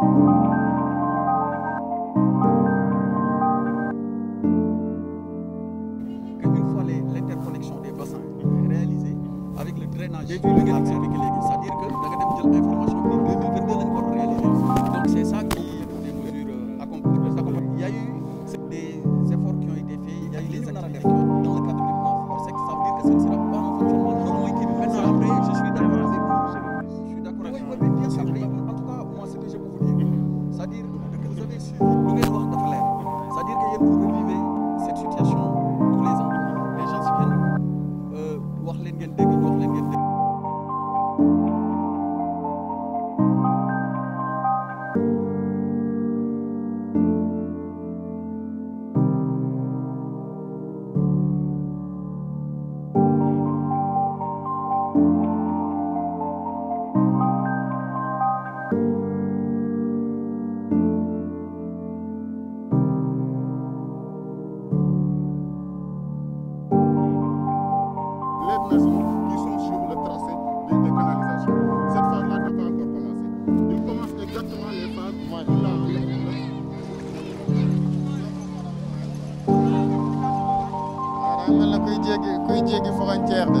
thank you leen ngeen dégg ñu wax leen ngeen dégg mel na kuy jéggi kuy jéggi frontière de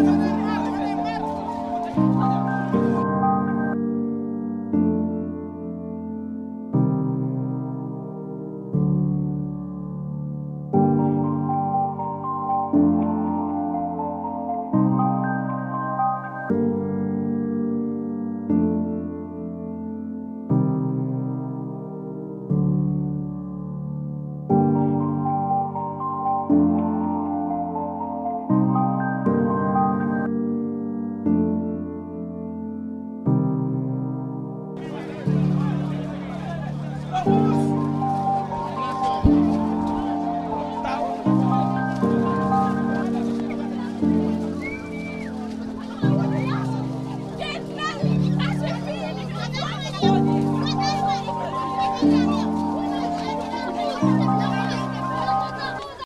Thank you.